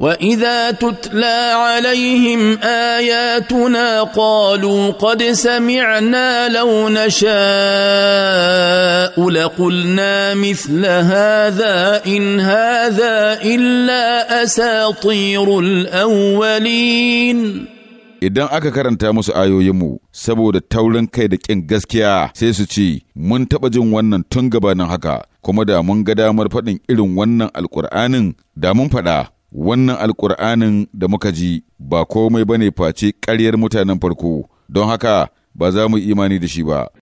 واذا تتلى عليهم اياتنا قالوا قد سمعنا لو نشاء لقلنا مثل هذا ان هذا الا اساطير الاولين idan aka karanta musu ayoyinmu saboda taurin kai da ƙin gaskiya sai su ce mun taɓa jin wannan tun gabanin haka kuma da mun ga damar faɗin irin wannan alƙur'anin da mun faɗa wannan alƙur'anin da muka ji ba komai ba ne face ƙaryar mutanen farko, don haka ba za mu imani da shi ba.